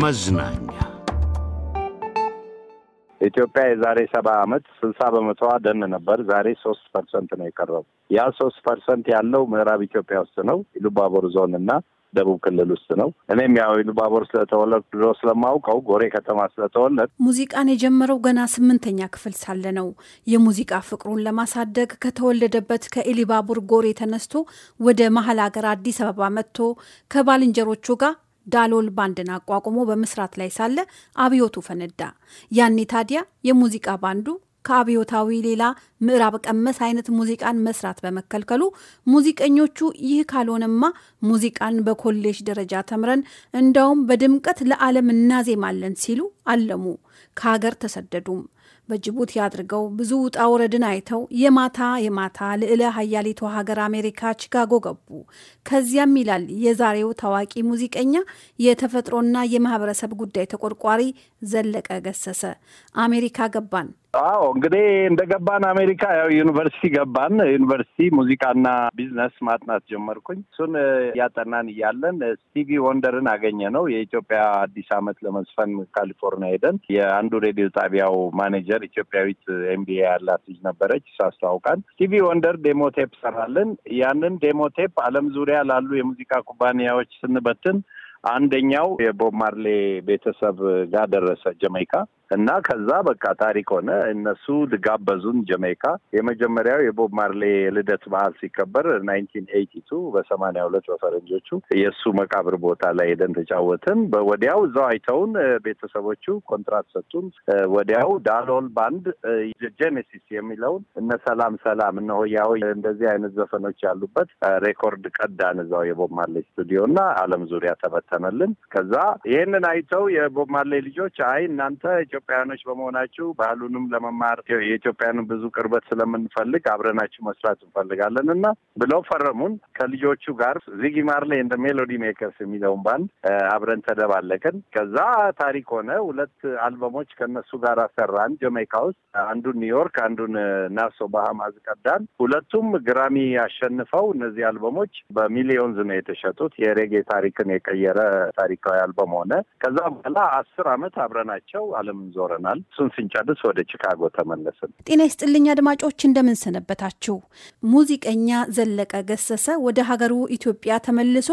መዝናኛ ኢትዮጵያ የዛሬ ሰባ ዓመት ስልሳ በመቶዋ ደን ነበር። ዛሬ ሶስት ፐርሰንት ነው የቀረው። ያ ሶስት ፐርሰንት ያለው ምዕራብ ኢትዮጵያ ውስጥ ነው፣ ኢሉባቦር ዞን እና ደቡብ ክልል ውስጥ ነው። እኔም ያው ኢሉባቦር ስለተወለድ ድሮ ስለማውቀው ጎሬ ከተማ ስለተወለድ ሙዚቃን የጀመረው ገና ስምንተኛ ክፍል ሳለ ነው። የሙዚቃ ፍቅሩን ለማሳደግ ከተወለደበት ከኢሊባቡር ጎሬ ተነስቶ ወደ መሀል ሀገር አዲስ አበባ መጥቶ ከባልንጀሮቹ ጋር ዳሎል ባንድን አቋቁሞ በመስራት ላይ ሳለ አብዮቱ ፈነዳ። ያኔ ታዲያ የሙዚቃ ባንዱ ከአብዮታዊ ሌላ ምዕራብ ቀመስ አይነት ሙዚቃን መስራት በመከልከሉ ሙዚቀኞቹ ይህ ካልሆነማ ሙዚቃን በኮሌጅ ደረጃ ተምረን እንደውም በድምቀት ለዓለም እናዜማለን ሲሉ አለሙ። ከሀገር ተሰደዱም። በጅቡቲ አድርገው ብዙ ውጣ ውረድን አይተው የማታ የማታ ልዕለ ሀያሊቷ ሀገር አሜሪካ ቺካጎ ገቡ። ከዚያም ይላል የዛሬው ታዋቂ ሙዚቀኛ የተፈጥሮና የማህበረሰብ ጉዳይ ተቆርቋሪ ዘለቀ ገሰሰ አሜሪካ ገባን አዎ እንግዲህ እንደገባን አሜሪካ ያው ዩኒቨርሲቲ ገባን። ዩኒቨርሲቲ ሙዚቃና ቢዝነስ ማጥናት ጀመርኩኝ። እሱን እያጠናን እያለን ስቲቪ ወንደርን አገኘ ነው የኢትዮጵያ አዲስ ዓመት ለመዝፈን ካሊፎርኒያ ሄደን የአንዱ ሬዲዮ ጣቢያው ማኔጀር ኢትዮጵያዊት ኤምቢኤ ያላት ልጅ ነበረች። እሱ አስተዋውቃን። ስቲቪ ወንደር ዴሞ ቴፕ ሰራልን። ያንን ዴሞ ቴፕ ዓለም ዙሪያ ላሉ የሙዚቃ ኩባንያዎች ስንበትን አንደኛው የቦብ ማርሌ ቤተሰብ ጋር ደረሰ ጀመይካ። እና ከዛ በቃ ታሪክ ሆነ። እነሱ ጋበዙን ጀሜካ የመጀመሪያው የቦብ ማርሌ ልደት በዓል ሲከበር ናይንቲን ኤይቲ ቱ በሰማንያ ሁለት በፈረንጆቹ የእሱ መቃብር ቦታ ላይ ሄደን ተጫወትን። ወዲያው እዛው አይተውን ቤተሰቦቹ ኮንትራት ሰጡን። ወዲያው ዳሎል ባንድ ጄኔሲስ የሚለውን እነ ሰላም ሰላም እነ ሆያ እንደዚህ አይነት ዘፈኖች ያሉበት ሬኮርድ ቀዳን እዛው የቦብ ማርሌ ስቱዲዮ እና አለም ዙሪያ ተበተነልን። ከዛ ይህንን አይተው የቦብ ማርሌ ልጆች አይ እናንተ ኢትዮጵያውያኖች በመሆናችሁ ባህሉንም ለመማር የኢትዮጵያን ብዙ ቅርበት ስለምንፈልግ አብረናችሁ መስራት እንፈልጋለን እና ብለው ፈረሙን። ከልጆቹ ጋር ዚጊ ማርሌ እንደ ሜሎዲ ሜከርስ የሚለውን ባንድ አብረን ተደባለቅን። ከዛ ታሪክ ሆነ። ሁለት አልበሞች ከነሱ ጋር ሰራን ጀሜይካ ውስጥ አንዱን ኒውዮርክ፣ አንዱን ናሶ ባሃማዝ ቀዳን። ሁለቱም ግራሚ ያሸንፈው እነዚህ አልበሞች በሚሊዮንዝ ነው የተሸጡት። የሬጌ ታሪክን የቀየረ ታሪካዊ አልበም ሆነ። ከዛ በኋላ አስር አመት አብረናቸው አለም ዞረናል። እሱን ስንጨርስ ወደ ቺካጎ ተመለስን። ጤና ይስጥልኝ አድማጮች፣ እንደምን ሙዚቀኛ ዘለቀ ገሰሰ ወደ ሀገሩ ኢትዮጵያ ተመልሶ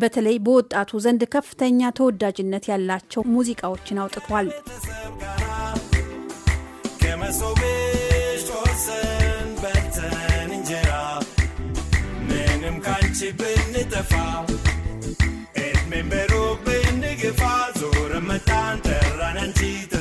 በተለይ በወጣቱ ዘንድ ከፍተኛ ተወዳጅነት ያላቸው ሙዚቃዎችን አውጥቷል። ምንም ካንቺ ብንጠፋ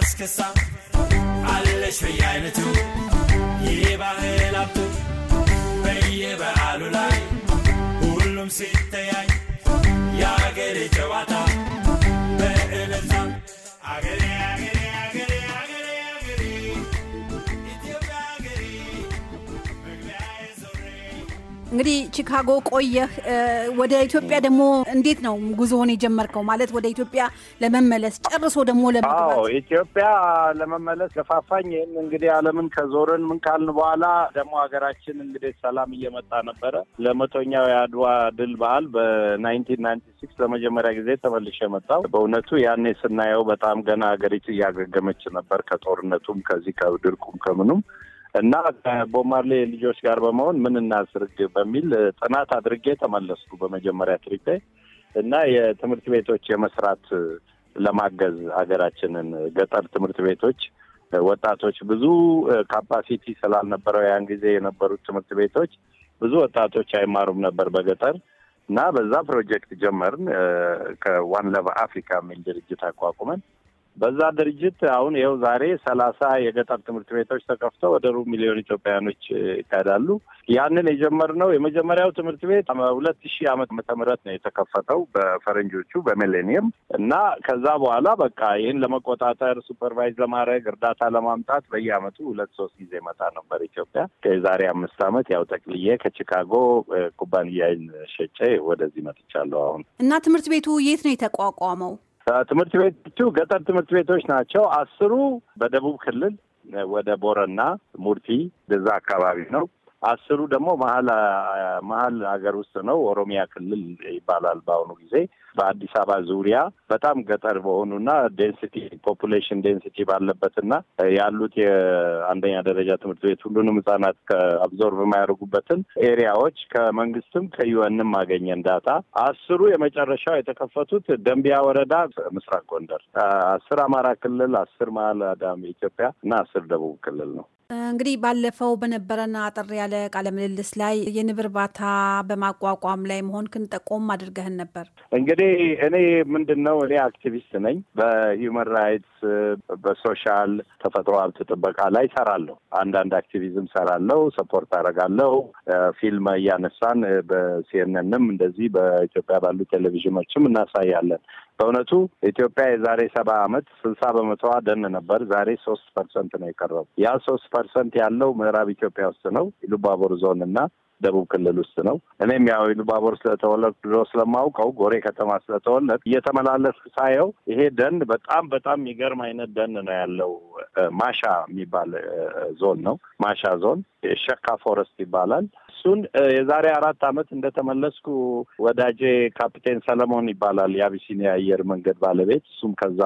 አስከሳ አለሽ በየአይነቱ ይህ ባህል ሀብቱ በየበዓሉ ላይ ሁሉም ሴት እንግዲህ ቺካጎ ቆየህ። ወደ ኢትዮጵያ ደግሞ እንዴት ነው ጉዞውን የጀመርከው? ማለት ወደ ኢትዮጵያ ለመመለስ ጨርሶ ደግሞ ለመግባት ኢትዮጵያ ለመመለስ ገፋፋኝ። ይህን እንግዲህ ዓለምን ከዞርን ምን ካልን በኋላ ደግሞ ሀገራችን እንግዲህ ሰላም እየመጣ ነበረ። ለመቶኛው የአድዋ ድል በዓል በ ናይንቲ ለመጀመሪያ ጊዜ ተመልሼ መጣሁ። በእውነቱ ያኔ ስናየው በጣም ገና ሀገሪቱ እያገገመች ነበር ከጦርነቱም ከዚህ ከድርቁም ከምኑም እና ከቦማርሌ ልጆች ጋር በመሆን ምን እናስርግ በሚል ጥናት አድርጌ ተመለስኩ። በመጀመሪያ ትሪፔ እና የትምህርት ቤቶች የመስራት ለማገዝ ሀገራችንን ገጠር ትምህርት ቤቶች ወጣቶች ብዙ ካፓሲቲ ስላልነበረው ያን ጊዜ የነበሩት ትምህርት ቤቶች ብዙ ወጣቶች አይማሩም ነበር በገጠር እና በዛ ፕሮጀክት ጀመርን። ከዋን ለቭ አፍሪካ የሚል ድርጅት አቋቁመን በዛ ድርጅት አሁን ይኸው ዛሬ ሰላሳ የገጠር ትምህርት ቤቶች ተከፍተው ወደ ሩብ ሚሊዮን ኢትዮጵያውያኖች ይካሄዳሉ። ያንን የጀመርነው የመጀመሪያው ትምህርት ቤት ሁለት ሺህ ዓመተ ምህረት ነው የተከፈተው በፈረንጆቹ በሚሌኒየም እና ከዛ በኋላ በቃ ይህን ለመቆጣጠር ሱፐርቫይዝ ለማድረግ እርዳታ ለማምጣት በየአመቱ ሁለት ሶስት ጊዜ መጣ ነበር ኢትዮጵያ። ከዛሬ አምስት አመት ያው ጠቅልዬ ከቺካጎ ኩባንያዬን ሸጬ ወደዚህ መጥቻለሁ። አሁን እና ትምህርት ቤቱ የት ነው የተቋቋመው? ትምህርት ቤቶቹ ገጠር ትምህርት ቤቶች ናቸው። አስሩ በደቡብ ክልል ወደ ቦረና ሙርቲ በዛ አካባቢ ነው። አስሩ ደግሞ መሀል መሀል ሀገር ውስጥ ነው። ኦሮሚያ ክልል ይባላል በአሁኑ ጊዜ በአዲስ አበባ ዙሪያ በጣም ገጠር በሆኑና ዴንሲቲ ፖፑሌሽን ዴንሲቲ ባለበትና ያሉት የአንደኛ ደረጃ ትምህርት ቤት ሁሉንም ህጻናት ከአብዞርቭ የማያደርጉበትን ኤሪያዎች ከመንግስትም ከዩኤንም አገኘን ዳታ። አስሩ የመጨረሻው የተከፈቱት ደንቢያ ወረዳ ምስራቅ ጎንደር፣ አስር አማራ ክልል፣ አስር መሀል አዳም ኢትዮጵያ እና አስር ደቡብ ክልል ነው። እንግዲህ ባለፈው በነበረና አጠር ያለ ቃለ ምልልስ ላይ የንብ እርባታ በማቋቋም ላይ መሆንክን ጠቆም አድርገህን ነበር። እንግዲህ እኔ ምንድን ነው እኔ አክቲቪስት ነኝ። በሂውማን ራይትስ፣ በሶሻል ተፈጥሮ ሀብት ጥበቃ ላይ ሰራለሁ። አንዳንድ አክቲቪዝም ሰራለሁ፣ ሰፖርት አደርጋለሁ። ፊልም እያነሳን በሲኤንኤንም እንደዚህ በኢትዮጵያ ባሉ ቴሌቪዥኖችም እናሳያለን። በእውነቱ ኢትዮጵያ የዛሬ ሰባ ዓመት ስልሳ በመቶዋ ደን ነበር። ዛሬ ሶስት ፐርሰንት ነው የቀረው። ያ ሶስት ፐርሰንት ያለው ምዕራብ ኢትዮጵያ ውስጥ ነው ኢሉባቦር ዞን እና ደቡብ ክልል ውስጥ ነው። እኔም ያው ኢሉባቦር ስለተወለድኩ ድሮ ስለማውቀው ጎሬ ከተማ ስለተወለድኩ እየተመላለስኩ ሳየው ይሄ ደን በጣም በጣም የሚገርም አይነት ደን ነው ያለው። ማሻ የሚባል ዞን ነው። ማሻ ዞን ሸካ ፎረስት ይባላል። እሱን የዛሬ አራት ዓመት እንደተመለስኩ ወዳጄ ካፕቴን ሰለሞን ይባላል የአቢሲኒያ አየር መንገድ ባለቤት እሱም ከዛ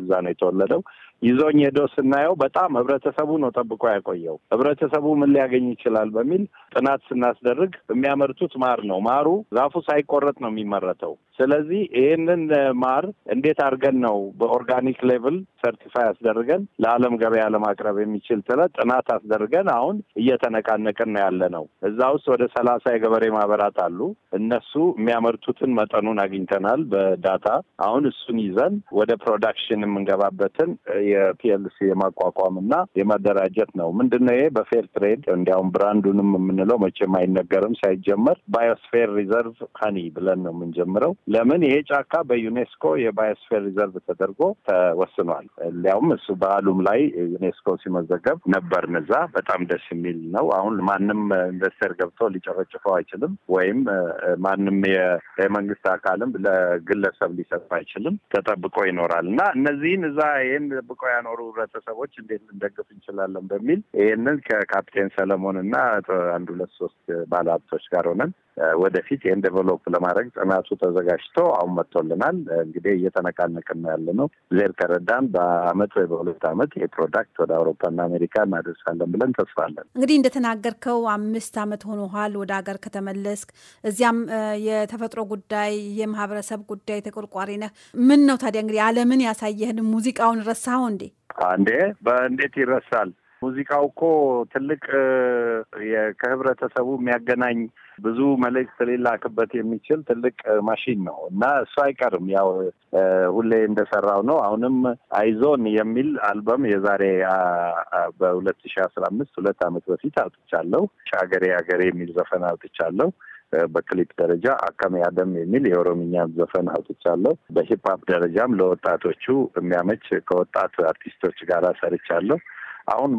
እዛ ነው የተወለደው ይዞኝ ሄዶ ስናየው በጣም ህብረተሰቡ ነው ጠብቆ ያቆየው። ህብረተሰቡ ምን ሊያገኝ ይችላል በሚል ጥናት ስናስደርግ የሚያመርቱት ማር ነው። ማሩ ዛፉ ሳይቆረጥ ነው የሚመረተው። ስለዚህ ይህንን ማር እንዴት አድርገን ነው በኦርጋኒክ ሌቭል ሰርቲፋይ አስደርገን ለዓለም ገበያ ለማቅረብ የሚችል ጥረት ጥናት አስደርገን አሁን እየተነቃነቅን ያለ ነው። እዛ ውስጥ ወደ ሰላሳ የገበሬ ማህበራት አሉ። እነሱ የሚያመርቱትን መጠኑን አግኝተናል በዳታ። አሁን እሱን ይዘን ወደ ፕሮዳክሽን የምንገባበትን የፒኤልሲ የማቋቋም እና የማደራጀት ነው። ምንድነው ይሄ በፌር ትሬድ እንዲያውም ብራንዱንም የምንለው መቼም አይነገርም ሳይጀመር ባዮስፌር ሪዘርቭ ሀኒ ብለን ነው የምንጀምረው። ለምን ይሄ ጫካ በዩኔስኮ የባዮስፌር ሪዘርቭ ተደርጎ ተወስኗል። እንዲያውም እሱ በዓሉም ላይ ዩኔስኮ ሲመዘገብ ነበር። እዛ በጣም ደስ የሚል ነው። አሁን ማንም ኢንቨስተር ገብቶ ሊጨፈጭፈው አይችልም፣ ወይም ማንም የመንግስት አካልም ለግለሰብ ሊሰጥ አይችልም። ተጠብቆ ይኖራል እና እነዚህን እዛ ይህን አርቀው ያኖሩ ህብረተሰቦች እንዴት ልንደግፍ እንችላለን በሚል ይህንን ከካፕቴን ሰለሞን እና አንድ ሁለት ሶስት ባለሀብቶች ጋር ሆነን ወደፊት ይህን ዴቨሎፕ ለማድረግ ጥናቱ ተዘጋጅቶ አሁን መጥቶልናል። እንግዲህ እየተነቃነቅን ነው ያለ ነው። ዜር ከረዳን በአመት ወይ በሁለት አመት ይህ ፕሮዳክት ወደ አውሮፓና አሜሪካ እናደርሳለን ብለን ተስፋለን። እንግዲህ እንደተናገርከው አምስት አመት ሆኖሃል ወደ ሀገር ከተመለስክ። እዚያም የተፈጥሮ ጉዳይ፣ የማህበረሰብ ጉዳይ ተቆርቋሪ ነህ። ምን ነው ታዲያ እንግዲህ አለምን ያሳየህን ሙዚቃውን ረሳኸው እንዴ? እንዴ በእንዴት ይረሳል? ሙዚቃው እኮ ትልቅ ከህብረተሰቡ የሚያገናኝ ብዙ መልእክት ሊላክበት የሚችል ትልቅ ማሽን ነው እና እሱ አይቀርም። ያው ሁሌ እንደሰራው ነው። አሁንም አይዞን የሚል አልበም የዛሬ በሁለት ሺ አስራ አምስት ሁለት አመት በፊት አውጥቻለሁ። ሀገሬ ሀገሬ የሚል ዘፈን አውጥቻለሁ። በክሊፕ ደረጃ አካሜ አደም የሚል የኦሮምኛ ዘፈን አውጥቻለሁ። በሂፕሀፕ ደረጃም ለወጣቶቹ የሚያመች ከወጣት አርቲስቶች ጋር ሰርቻለሁ። አሁን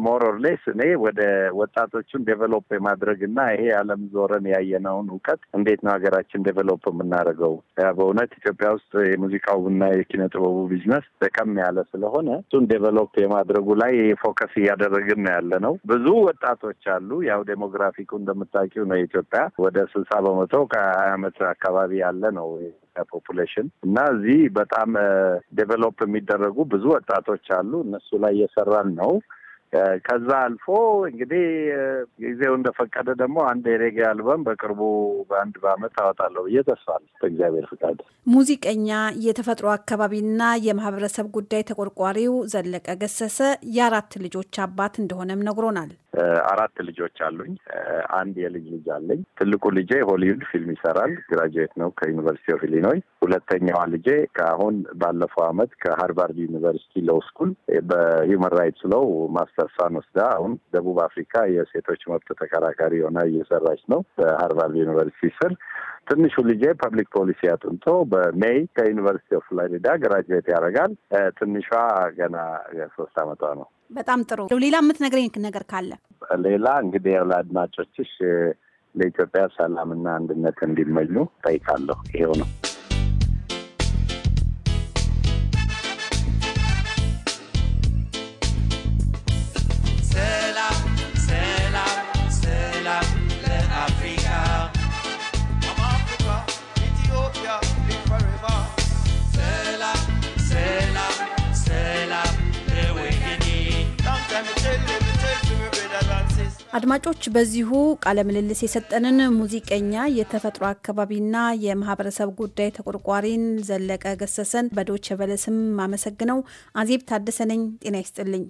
ሌስ እኔ ወደ ወጣቶቹን ዴቨሎፕ የማድረግ እና ይሄ ዓለም ዞረን ያየነውን እውቀት እንዴት ነው ሀገራችን ዴቨሎፕ የምናደርገው? በእውነት ኢትዮጵያ ውስጥ የሙዚቃውና የኪነ ጥበቡ ቢዝነስ ደከም ያለ ስለሆነ እሱን ዴቨሎፕ የማድረጉ ላይ ፎከስ እያደረግን ነው ያለ ነው። ብዙ ወጣቶች አሉ። ያው ዴሞግራፊኩ እንደምታውቂው ነው ኢትዮጵያ ወደ ስልሳ በመቶ ከሀያ አመት አካባቢ ያለ ነው ፖፑሌሽን እና እዚህ በጣም ዴቨሎፕ የሚደረጉ ብዙ ወጣቶች አሉ። እነሱ ላይ እየሰራን ነው። ከዛ አልፎ እንግዲህ ጊዜው እንደፈቀደ ደግሞ አንድ የሬጌ አልበም በቅርቡ በአንድ በአመት አወጣለሁ ብዬ በእግዚአብሔር ፍቃድ። ሙዚቀኛ የተፈጥሮ አካባቢና የማህበረሰብ ጉዳይ ተቆርቋሪው ዘለቀ ገሰሰ የአራት ልጆች አባት እንደሆነም ነግሮናል። አራት ልጆች አሉኝ። አንድ የልጅ ልጅ አለኝ። ትልቁ ልጄ ሆሊውድ ፊልም ይሰራል። ግራጁዌት ነው ከዩኒቨርሲቲ ኦፍ ኢሊኖይ። ሁለተኛዋ ልጄ ከአሁን ባለፈው ዓመት ከሃርቫርድ ዩኒቨርሲቲ ሎው ስኩል በሂውማን ራይትስ ሎው ማስተርሷን ወስዳ አሁን ደቡብ አፍሪካ የሴቶች መብት ተከራካሪ የሆነ እየሰራች ነው በሃርቫርድ ዩኒቨርሲቲ ስር። ትንሹ ልጄ ፐብሊክ ፖሊሲ አጥንቶ በሜይ ከዩኒቨርሲቲ ኦፍ ፍሎሪዳ ግራጁዌት ያደርጋል። ትንሿ ገና ሶስት ዓመቷ ነው። በጣም ጥሩ። ሌላ የምትነግረኝ ነገር ካለ? ሌላ እንግዲህ ያው ለአድማጮችሽ ለኢትዮጵያ ሰላምና አንድነት እንዲመኙ ጠይቃለሁ። ይሄው ነው። አድማጮች በዚሁ ቃለ ምልልስ የሰጠንን ሙዚቀኛ የተፈጥሮ አካባቢና የማህበረሰብ ጉዳይ ተቆርቋሪን ዘለቀ ገሰሰን በዶቸ በለ ስም አዜብ ታደሰነኝ ጤና ይስጥልኝ።